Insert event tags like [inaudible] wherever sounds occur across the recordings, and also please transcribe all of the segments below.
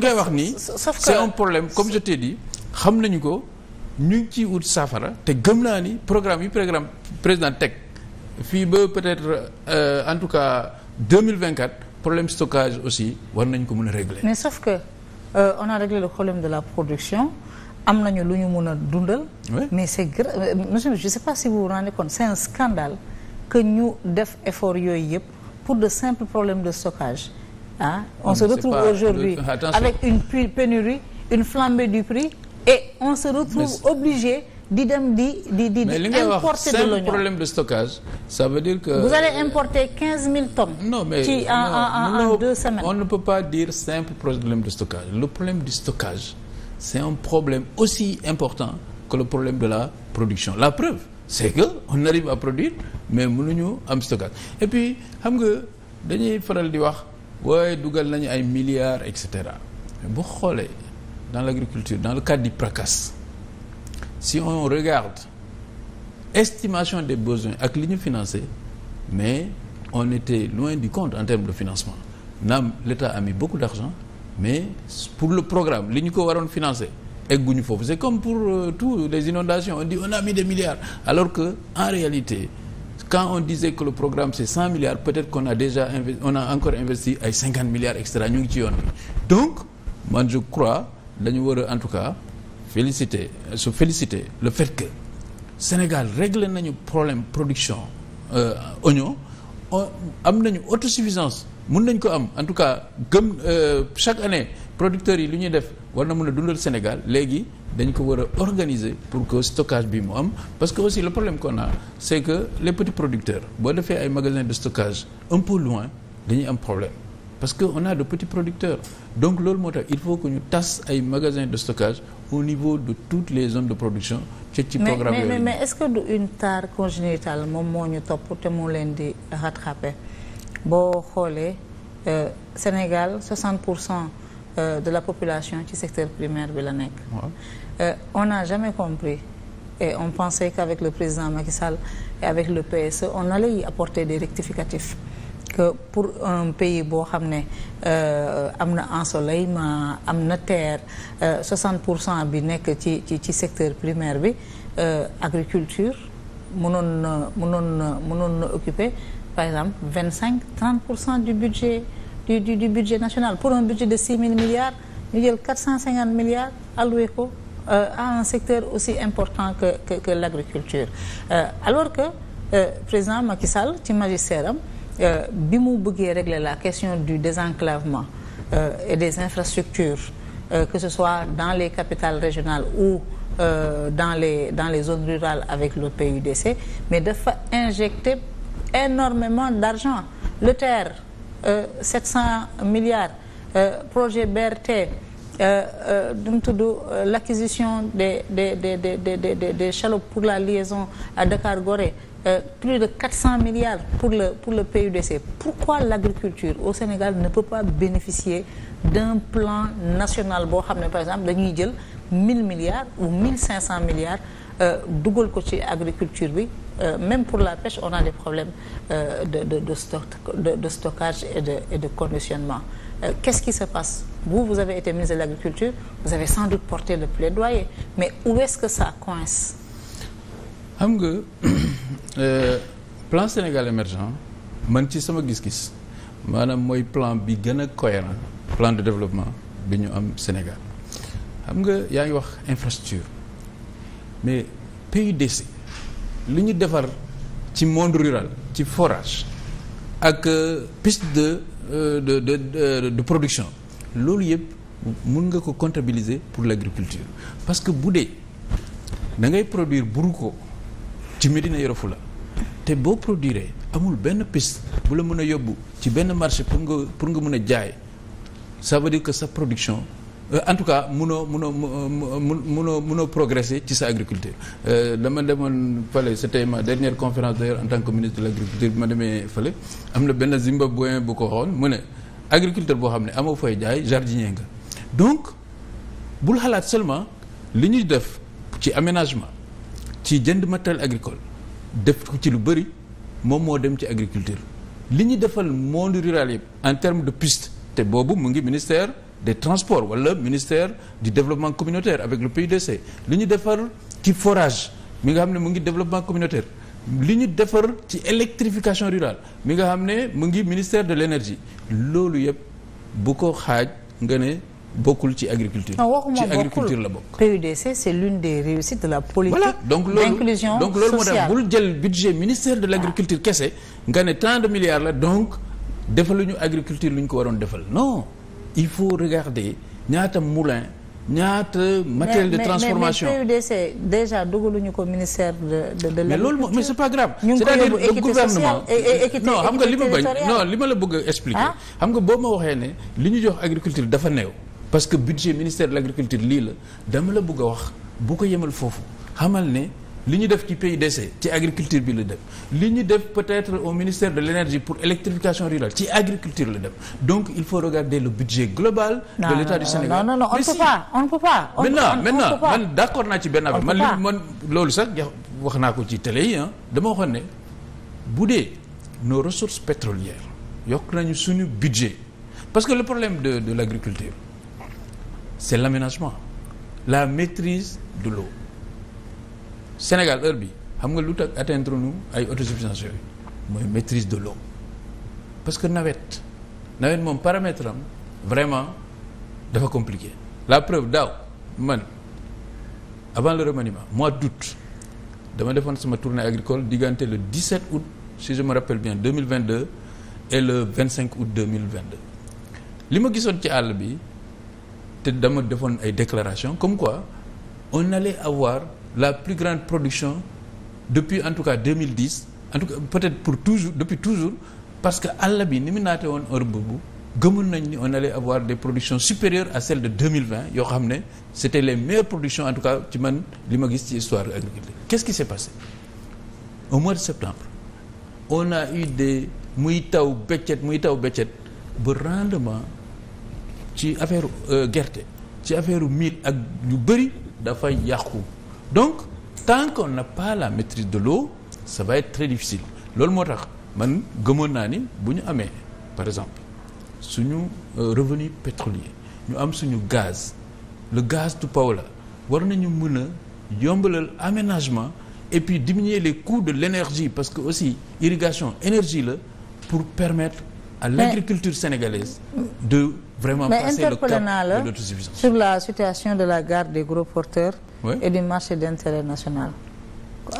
ngay wax nii c'est un problème comme je t'ai dit xam nañu ko ñu ngi ciy wut saafara te gëm naa ni programme yi programme président teg fii ba peut-être euh, en tout cas 2024 problème stockage aussi war nañ ko mën a régler mais sauf que euh, on a réglé le problème de la production am nañu lu ñu mën a dundal mais c'est gra euh, monsieur je sais pas si vous vous rendez compte c'est un scandale que ñu def effort yooyu yëpp pour de simples problèmes de stockage ah on se retrouve aujourd'hui avec une pénurie une flambée du prix et on se retrouve obligé di dem di di di importer de l'oignon de stockage ça que vous allez importer mille tonnes non mais en, en, deux semaines on ne peut pas dire simple problème de stockage le problème du stockage c'est un problème aussi important que le problème de la production la preuve c'est que on arrive à produire mais mënuñu am stockage et puis xam nga dañuy faral di wax waaye dugal nañu ay milliards et cetera bu xoolee dans l'agriculture dans le cadre di PRACAS si on regarde estimation des besoins ak li ñu financé mais on était loin du compte en termes de financement naam l'État a mis beaucoup d'argent mais pour le programme li ñu ko waroon financé egguñu foofu c'est comme pour euh, tout les inondations on dit on a des milliards alors que en réalité quand on disait que le programme c'est cent milliards peut-être qu'on a déjà investi on a encore investi ay cinquante milliards extra ñu ngi ci yoon donc man je crois dañu war a en tout cas féliciter se féliciter le fait que Sénégal réglé nañu problème production euh, oignon am nañu autosuffisance mun nañ ko am en tout cas gëm euh, chaque année producteurs yi lu ñuy def war na mën a dundal Sénégal léegi dañ ko war a organiser pour que stockage bi mu am parce que aussi le problème qu'on a c'est que le petits producteurs boo defee ay magasin de stockage un peu loin dañuy am problème parce que on a de petits producteurs donc loolu moo tax il faut que ñu tas ay magasin de stockage au niveau de toutes les zones de production ca ci programme mais mais mais est-ce que du une tare congénitale moom moo ñu topp te mu leen di rattraper boo xoolee euh, Sénégal 60 pour cent Euh, de la population ci secteur primaire bi la nekk. Euh, on n'a jamais compris et on pensait qu'avec le président Macky Sall et avec le PSE on allait y apporter des rectificatifs. que pour un pays boo xam ne euh, am na ensoleillement am na terre 60 pour cent bi nekk ci ci ci secteur primaire bi agriculture mënoon na mënoon na mënoon na occuper par exemple du budget. du du du budget national pour un budget de six mille milliards ñu jël quatre cent cinquante milliards alloué ko euh, à un secteur aussi important que que que l'agriculture euh, alors que euh, président Macky Sall ci magistère am bi mu bëggee régler la question du désenclavement et des infrastructures que ce soit dans les capitales régionales ou dans les dans les zones rurales avec le PUDC mais dafa injecter énormément d'argent le TER Euh, sept cent milliards euh, projet BRT du euh, mu tudd l' acquisition des des des des des des chaloupes pour la liaison à Dakar Gorée plus de quatre cent milliards pour le pour le PUDC pourquoi l' agriculture au Sénégal ne peut pas bénéficier d'un plan national boo xam ne par exemple dañuy jël mille milliards ou mille cinq cent milliards dugal ko ci agriculture bi euh, même pour la pêche, on a des problèmes euh, de, de, de, stock, de, stockage et de, et conditionnement. Euh, Qu'est-ce qui se passe Vous, vous avez été ministre de l'Agriculture, vous avez sans doute porté le plaidoyer, mais où est-ce que ça coince nga [coughs] euh, plan Sénégal émergent, man ci sama gis-gis maanaam mooy plan bi gën a cohérent plan de développement bi ñu am Sénégal xam nga yaa ngi wax infrastructure mais PUDC li ñu defar ci monde rural ci forage ak euh, piste euh, de de de de production loolu yëpp mën nga ko comptabiliser pour l'agriculture parce que bu dee da ngay produire buru ko ci Médina Yoro Foulah te boo produire amul benn piste bu la mën a yóbbu ci benn marché pour nga pour nga mën a jaay ça ve dire que sa production Euh, en tout cas munoo munoo euh, euh, munoo munoo progresser ci sa agriculture. dama demoon fële c'était ma dernière conférence d'ailleurs en tant que ministre de l'agriculture bi ma demee fële am na benn zimbabwéen bu ko waxoon mu ne agriculteur boo xam ne amoo fay jaay jardinier nga donc bul xalaat seulement li ñuy def ci aménagement ci jënd matériel agricole def ci lu bëri moom moo dem ci agriculture li ñu defal monde rural yëpp en terme de piste te boobu mu ngi ministère. des transport wala ministère du développement communautaire avec le PUDC li ñu defar ci forage mi nga xam ne mu ngi développement communautaire li ñu defar ci électrification rurale mi nga xam ne mu ngi ministère de l'énergie loolu yëpp bu ko xaaj nga ne bokkul ci agriculture ci agriculture la bokk PUDC c'est l'une des réussites de la politique voilà donc loolu donc loolu moo tax bul jël budget ministère de l'agriculture kese nga ne tant de milliards la donc defaluñu agriculture lu ñu ko waroon defal non il faut regarder ñaata moulin ñaata matériel de transformation mais mais PUDC déjà dugaluñu ko ministère de de de. mais loolu mais c'est pas grave. c'est-à-dire le gouvernement non xam nga li ma bañ non li ma la bëgg a expliquer. Ah? xam nga boo ma waxee ne li ñu jox agriculture dafa néew. parce que budget ministère de l'agriculture lii la dama la bëgg a wax bu ko yemal foofu xamal ne. li ñu def ci PUDC ci agriculture bi la dem li ñu def peut-être au ministère de l'énergie pour électrification rurale ci agriculture la dem donc il faut regarder le budget global non, de l'État du Sénégal non non non on ne peut pas on ne peut pas maintenant maintenant man d'accord naa ci benn affaire man li man loolu sax wax naa ko ci télé yi ah dama ne bu dee nos ressources pétrolières yokk nañu suñu budget parce que le problème de de l'agriculture c'est l'aménagement la maîtrise de l'eau Sénégal heure bi xam nga lu tax atteindre nu ay autosuffisance yooyu mooy maîtrise de l'eau parce que nawet nawet moom paramètre am vraiment dafa compliqué la preuve daaw man avant le remaniement mois d'août dama defoon sama tournée agricole diggante le 17 août si je me rappelle bien 2022 et le 25 août 2022 li ma gisoon ci àll bi te dama defoon ay déclaration comme quoi on allait avoir la plus grande production depuis en tout cas 2010 en tout cas peut-être pour toujours depuis toujours parce que àll bi ni mu naate woon heure boobu gëmoon nañ ni on allait avoir des productions supérieures à celles de 2020 yoo xam ne c'était les meilleures productions en tout cas ci man li ma gis ci histoire agricole qu'est-ce qui s'est passé au mois de septembre on a eu des muy taw béccet muy taw béccet ba rendement ci affaire euh, gerte ci affaire mil ak yu bëri dafa yàqu donc tant qu'on n'a pas la maîtrise de l'eau ça va être très difficile loolu moo tax man gëmoon naa ni bu ñu amee par exemple suñu euh, revenu pétrolier ñu am suñu gaz le gaz du Paola war nañu mën a yombalal aménagement et puis diminuer les coûts de l'énergie parce que aussi irrigation énergie la pour permettre à l'agriculture sénégalaise de vraiment passer le cap de l'autosuffisance. Sur la situation de la garde des gros porteurs oui. et du marché d'intérêt national.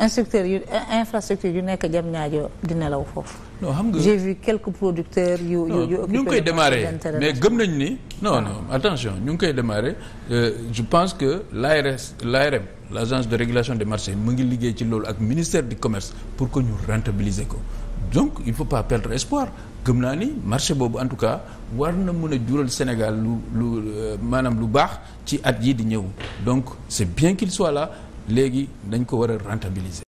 instructeur yu infrastructure yu nekk jam ñaajo di nelaw foofu. non xam nga j'ai vu quelques producteurs yu ñu ngi koy démarrer mais gëm nañ ni. non ah. non attention ñu ngi koy démarrer euh, je pense que l'ARS l'ARM l'agence de régulation des marchés mu ngi liggéey ci loolu ak ministère du commerce pour que ñu rentabiliser ko. donc il faut pas perdre espoir gëm naa ni marché boobu en tout cas war na mën a jural Sénégal lu lu euh, maanaam lu baax ci at yii di ñëw donc c'est bien qu'il soit là léegi dañ ko war a rentabiliser